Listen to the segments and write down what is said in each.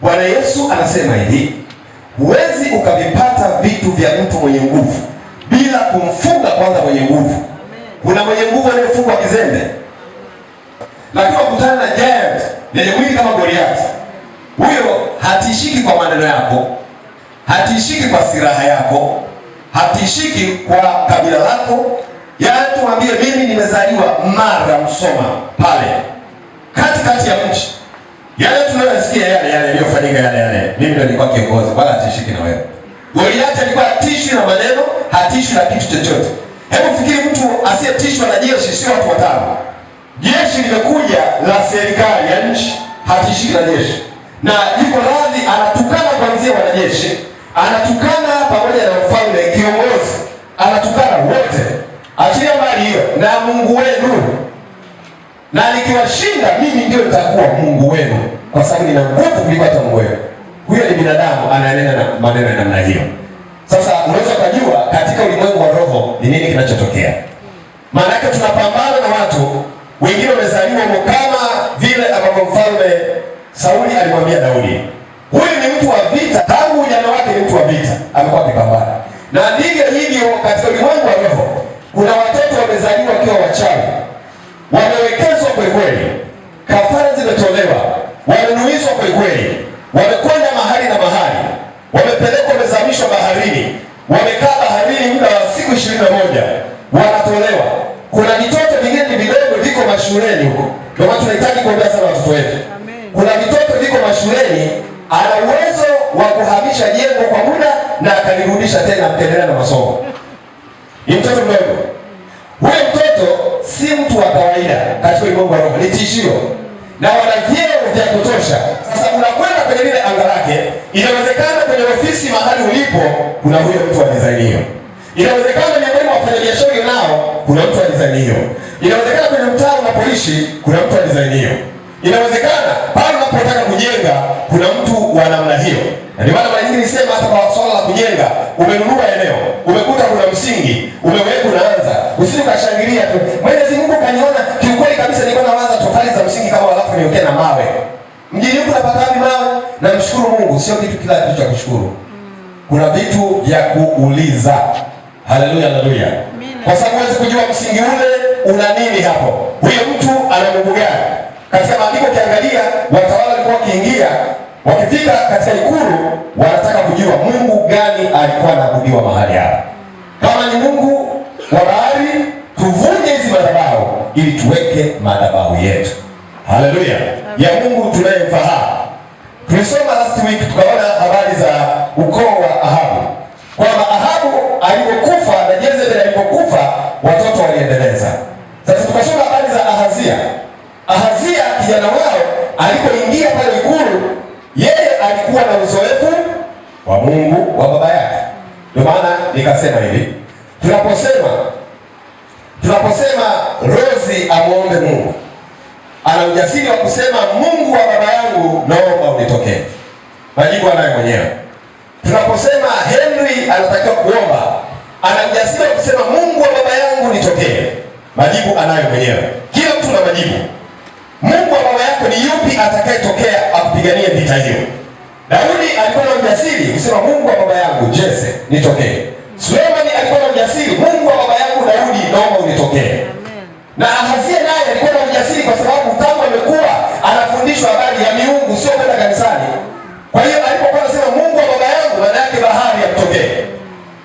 Bwana Yesu anasema hivi, huwezi ukavipata vitu vya mtu mwenye nguvu bila kumfunga kwanza mwenye nguvu. Kuna mwenye nguvu anayefungwa kizembe, lakini wakutana na giant lenye mwili kama Goliath. Huyo hatishiki kwa maneno yako, hatishiki kwa silaha yako, hatishiki kwa kabila lako. Yaani tumwambie mimi nimezaliwa Mara Msoma pale katikati ya mji yale tunayosikia yale yale yaliyofanyika yale yale. Mimi ndio nilikuwa kiongozi wala hatishiki na wewe. Goliath alikuwa hatishwi na maneno, hatishwi na kitu chochote. Hebu fikiri mtu asiyetishwa na jeshi sio watu watano. Jeshi limekuja la serikali ya nchi, hatishiki na jeshi. Na yuko radhi anatukana kwanzia wanajeshi, anatukana pamoja na mfalme kiongozi, anatukana wote. Achilia mbali hiyo na Mungu wenu na nikiwashinda mimi ndio nitakuwa Mungu wenu, kwa sababu nina nguvu kuliko hata Mungu wenu. Huyo ni binadamu ananena na maneno ya namna hiyo. Sasa unaweza kujua katika ulimwengu wa roho ni nini kinachotokea. Maana yake tunapambana na watu wengine wamezaliwa kama vile ambavyo mfalme Sauli alimwambia Daudi, huyu ni mtu wa vita, tangu ujana wake ni mtu wa vita, amekuwa shuleni ana uwezo wa kuhamisha jengo kwa muda na akalirudisha tena, mtaendelea na masomo. Ni mtoto mdogo huyo. Mtoto si mtu wa kawaida katika ulimwengu wa roho, ni tishio na wana vyeo vya kutosha. Sasa unakwenda kwenye lile anga lake, inawezekana kwenye ofisi mahali ulipo kuna huyo mtu wa hiyo, inawezekana miongoni mwa wafanyabiashara nao kuna mtu wa hiyo, inawezekana kwenye mtaa unapoishi kuna mtu wa hiyo. Inawezekana pale unapotaka kujenga kuna mtu wa namna hiyo, na ndio maana mara nyingi nisema hata kwa swala la kujenga, umenunua eneo, umekuta kuna msingi umeweka, unaanza usije kashangilia tu, Mwenyezi Mungu kaniona. Kiukweli kabisa, nilikuwa nawaza tofali za msingi kama alafu niwekee na mawe mjini huko, napata wapi mawe? Namshukuru Mungu, sio kitu kila kitu cha kushukuru, kuna vitu vya kuuliza. Haleluya, haleluya, kwa sababu huwezi kujua msingi ule una nini hapo, huyo mtu ana Mungu gani katika maandiko ukiangalia, watawala walikuwa wakiingia, wakifika katika ikulu, wanataka kujua Mungu gani alikuwa anaabudiwa mahali hapa. Kama ni Mungu wa bahari, tuvunje hizi madhabahu ili tuweke madhabahu yetu, haleluya, ya Mungu tunayemfahamu. Tulisoma last week tukaona nasema hivi, tunaposema tunaposema Rozi amwombe Mungu, ana ujasiri wa kusema Mungu wa baba yangu, naomba unitokee. Majibu anayo mwenyewe. Tunaposema Henry anatakiwa kuomba, ana ujasiri wa kusema Mungu wa baba yangu nitokee. Majibu anayo mwenyewe. Kila mtu na majibu. Mungu wa baba yako ni yupi atakayetokea akupiganie vita hiyo? Daudi alikuwa na ujasiri kusema Mungu wa baba yangu Jese, nitokee. Sulemani alikuwa na ujasiri, Mungu wa baba yangu Daudi, naomba unitokee. Na Ahazia naye alikuwa na ujasiri, kwa sababu tangu amekuwa anafundishwa habari ya miungu, sio kwenda kanisani. Kwa hiyo alipokuwa anasema Mungu wa baba yangu, maana yake bahari amtokee.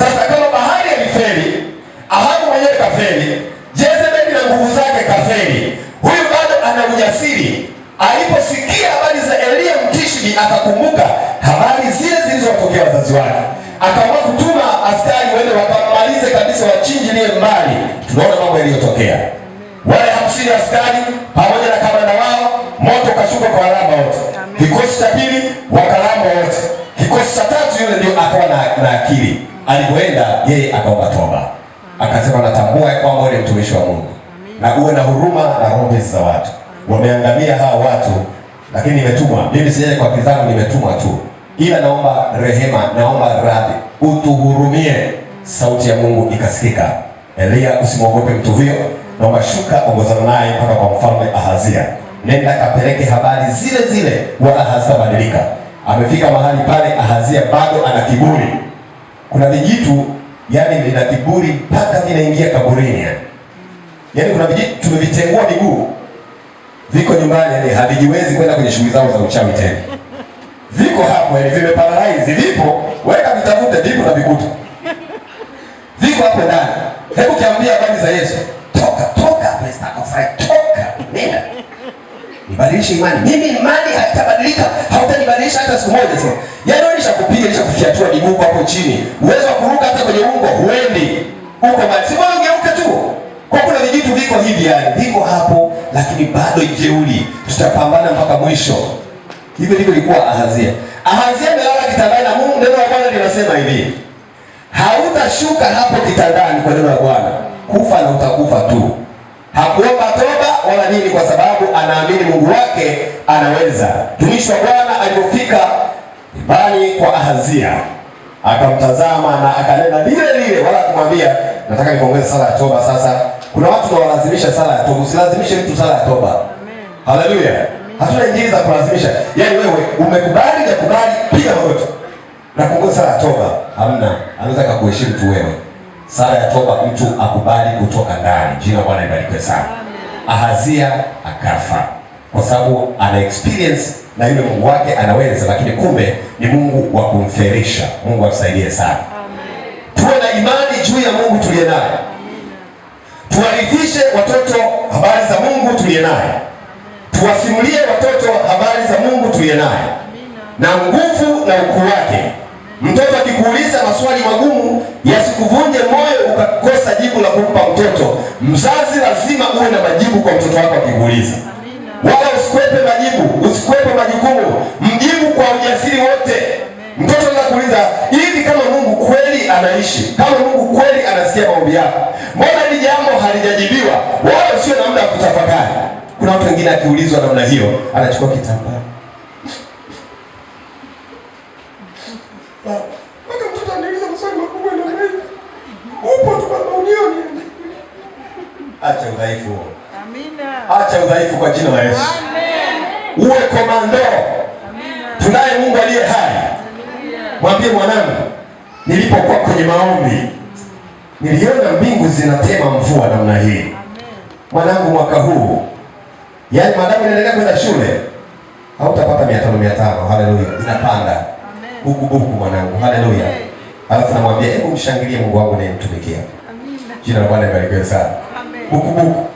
Sasa kama bahari alifeli, Ahabu mwenyewe kafeli, Jezebeli na nguvu zake kafeli, huyu bado ana ujasiri. Aliposikia habari za Eliya Mtishbi, akakumbuka habari zile zilizowatokea wazazi wake, akaamua kutuma wachache kabisa wachinjiliye mbali, tunaona mambo yaliyotokea. Wale hamsini askari pamoja na kamanda wao, moto ukashuka kwa alama wote. Kikosi cha pili wakalamba wote. Kikosi cha tatu yule ndio akawa na, na akili. Alipoenda yeye akaomba toba, akasema natambua kwamba ule mtumishi wa Mungu, na uwe na huruma na roho za watu, wameangamia hawa watu, lakini nimetumwa mimi, sijaje kwa kizangu, nimetumwa tu, ila naomba rehema, naomba radhi, utuhurumie sauti ya Mungu ikasikika. Elia, usimwogope mtu huyo, naomba shuka, ongozana naye mpaka kwa mfalme Ahazia. Nenda kapeleke habari zile zile, wala hazitabadilika. Amefika mahali pale, Ahazia bado ana kiburi. Kuna vijitu yani vina kiburi mpaka vinaingia kaburini, yani yani kuna vijitu tumevitengua miguu, viko nyumbani, yani havijiwezi kwenda kwenye shughuli zao za uchawi tena, viko hapo, yani vimeparalyze, vipo, weka vitafute, vipo na vikuta ziko hapo ndani. Hebu kiambia habari za Yesu, toka toka, atakufai toka, nenda nibadilishe imani. Mimi imani haitabadilika, hautanibadilisha hata siku moja. Sasa yaani wewe nishakupiga nishakufyatua miguu hapo chini, uwezo wa kuruka hata kwenye ungo huendi, uko mazimu, ungeuka tu kwa kuna vijitu viko hivi, yani viko hapo, lakini bado jeuri, tutapambana mpaka mwisho. Hivi ndivyo ilikuwa Ahazia. Ahazia amelala kitandani na Mungu, neno la Bwana linasema hivi hautashuka hapo kitandani kwa neno la Bwana, kufa na utakufa tu. Hakuomba toba wala nini, kwa sababu anaamini Mungu wake anaweza. Mtumishi wa Bwana alipofika nyumbani kwa Ahazia akamtazama na akanena lile lile, wala kumwambia nataka nikuongeze sala ya toba. Sasa kuna watu tunawalazimisha sala ya toba. Usilazimishe mtu sala ya toba. Haleluya, hatuna injili za kulazimisha. Yaani wewe umekubali, nakubali, piga magoti na kumbuka sala ya toba hamna, anaweza kukuheshimu tu wewe. Sala ya toba mtu akubali kutoka ndani. Jina Bwana ibarikiwe sana. Ahazia akafa kwa sababu ana experience na yule Mungu wake anaweza, lakini kumbe ni Mungu wa kumferisha. Mungu atusaidie sana, tuwe na imani juu ya Mungu tuliye naye, tuwarithishe watoto habari za Mungu tuliye naye, tuwasimulie watoto habari za Mungu tuliye naye na nguvu na ukuu wake. Mtoto akikuuliza maswali magumu yasikuvunje moyo ukakosa jibu la kumpa mtoto. Mzazi lazima uwe na majibu kwa mtoto wako akikuuliza, wala usikwepe majibu, usikwepe majukumu, mjibu kwa ujasiri wote. Mtoto anakuuliza hivi, kama Mungu kweli anaishi, kama Mungu kweli anasikia maombi yako, mbona hili jambo halijajibiwa? Wala usio na muda wa kutafakari. Kuna watu wengine akiulizwa namna hiyo anachukua kitambaa acha udhaifu huo. Amina. Acha udhaifu kwa jina la Yesu. Amen. Uwe komando. Amina. Tunaye Mungu aliye hai. Mwambie mwanangu, nilipokuwa kwenye maombi niliona mbingu zinatema mvua namna hii. Mwanangu, mwaka huu yaani, madamu inaendelea kwenda shule hautapata mia tano mia tano. Haleluya, inapanda huku buku mwanangu, haleluya. Alafu namwambia hebu mshangilie Mungu wangu nayemtumikia. Jina la Bwana libarikiwe sana bukubuku,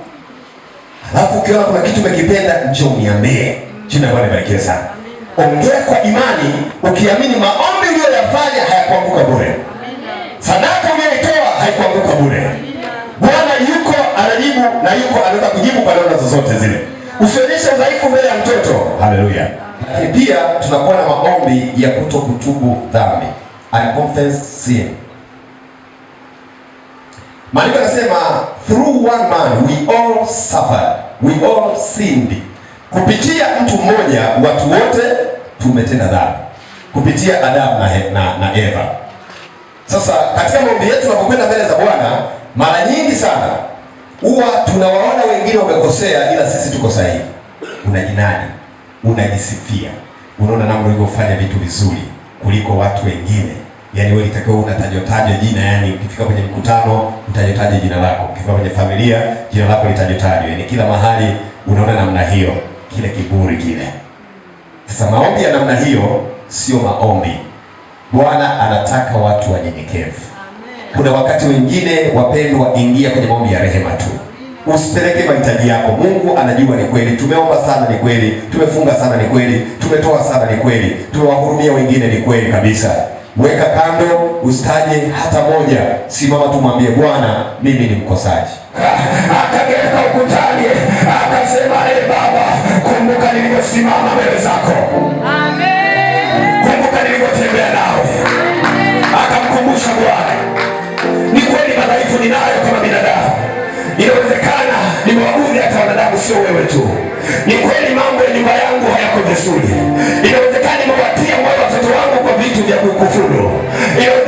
alafu ukiona kuna kitu umekipenda, njo uniambie. Jina la Bwana sana. Ongea kwa imani, ukiamini maombi uliyoyafanya hayakuanguka bure, sadaka uliyoitoa haikuanguka bure. Bwana yuko anajibu na yuko anaweza kujibu kwa namna zozote zile. usionyesha udhaifu mbele ya mtoto. Haleluya! Lakini pia tunakuwa na maombi ya kuto kutubu dhambi, sin Maandiko yanasema through one man we all suffered, we all sinned. Kupitia mtu mmoja watu wote tumetenda dhambi, kupitia Adamu na, na, na Eva. Sasa katika maombi yetu tunapokwenda mbele za Bwana, mara nyingi sana huwa tunawaona wengine wamekosea, ila sisi tuko sahihi. Unajinadi, unajisifia, unaona namna ulivyofanya vitu vizuri kuliko watu wengine. Yaani wewe itakuwa unatajwa tajwa jina, yani ukifika kwenye mkutano utajwa tajwa jina lako, ukifika kwenye familia jina lako litajwa tajwa, yani kila mahali unaona namna hiyo, kile kiburi kile. Sasa maombi ya namna hiyo sio maombi. Bwana anataka watu wanyenyekevu. Kuna wakati wengine, wapendwa, ingia kwenye maombi ya rehema tu, usipeleke mahitaji yako. Mungu anajua ni kweli tumeomba sana, ni kweli tumefunga sana, ni kweli tumetoa sana, ni kweli tumewahurumia wengine, ni kweli kabisa weka kando, usitaje hata moja. Simama tumwambie Bwana, mimi ni mkosaji. Akageuka ukutani akasema, e Baba, kumbuka nilivyosimama mbele zako, kumbuka nilivyotembea nawe. Akamkumbusha Bwana, ni kweli madhaifu ninayo kama binadamu, inawezekana nimewabudhi hata wanadamu, sio wewe tu. Ni kweli mambo ya nyumba yangu hayako vizuri vya kukufuru. Hiyo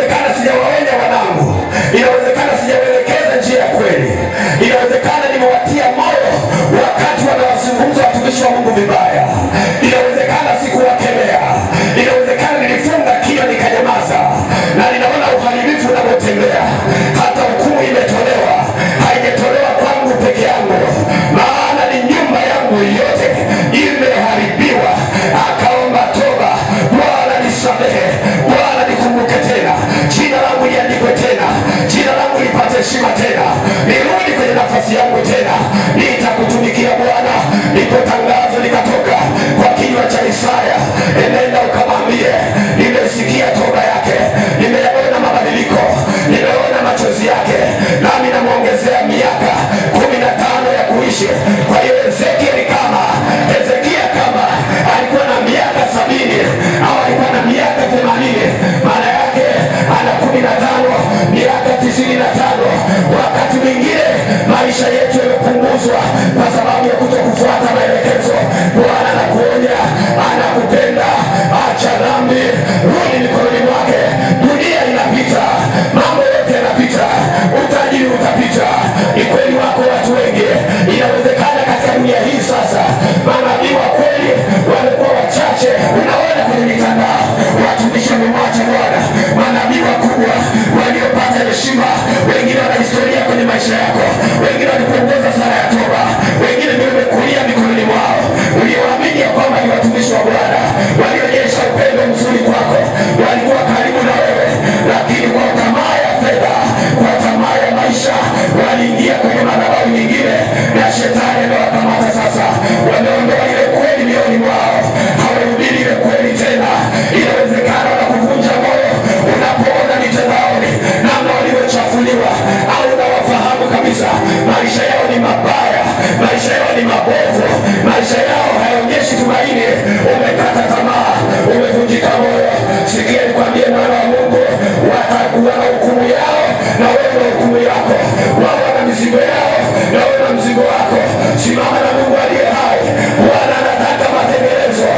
kwenye hukumu yako. Wao wana mizigo yao na wewe na mzigo wako. Simama na Mungu aliye hai. Bwana anataka matengenezo,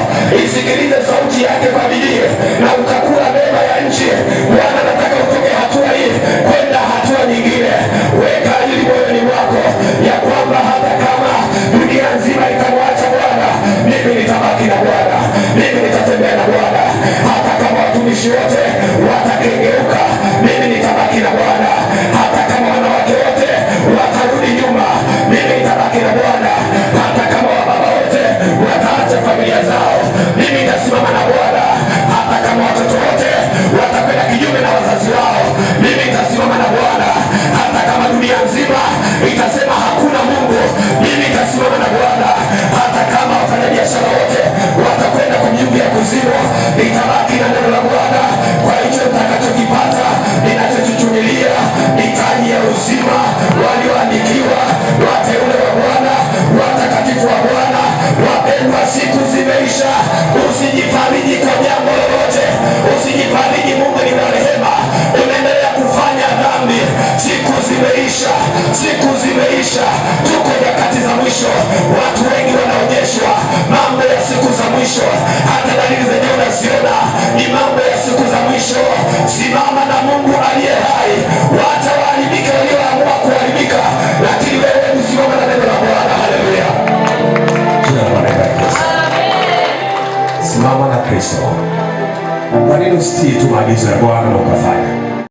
isikilize sauti yake kwa bidii na utakula mema ya nchi. Bwana anataka utoke hatua hii kwenda hatua nyingine. Weka hili moyoni mwako ya kwamba hata kama dunia nzima itamwacha Bwana, mimi nitabaki na Bwana, mimi nitatembea na Bwana, hata kama watumishi wote watakengeuka maisha. Tuko nyakati za mwisho, watu wengi wanaonyeshwa mambo ya siku za mwisho, hata dalili zenyewe unaziona ni mambo ya siku za mwisho. Simama na Mungu aliye hai. Watawaharibika walioamua kuharibika, lakini wewe usimama na neno la Bwana. Haleluya, simama na Kristo. Kwa nini usitii tu maagizo ya Bwana na ukafanya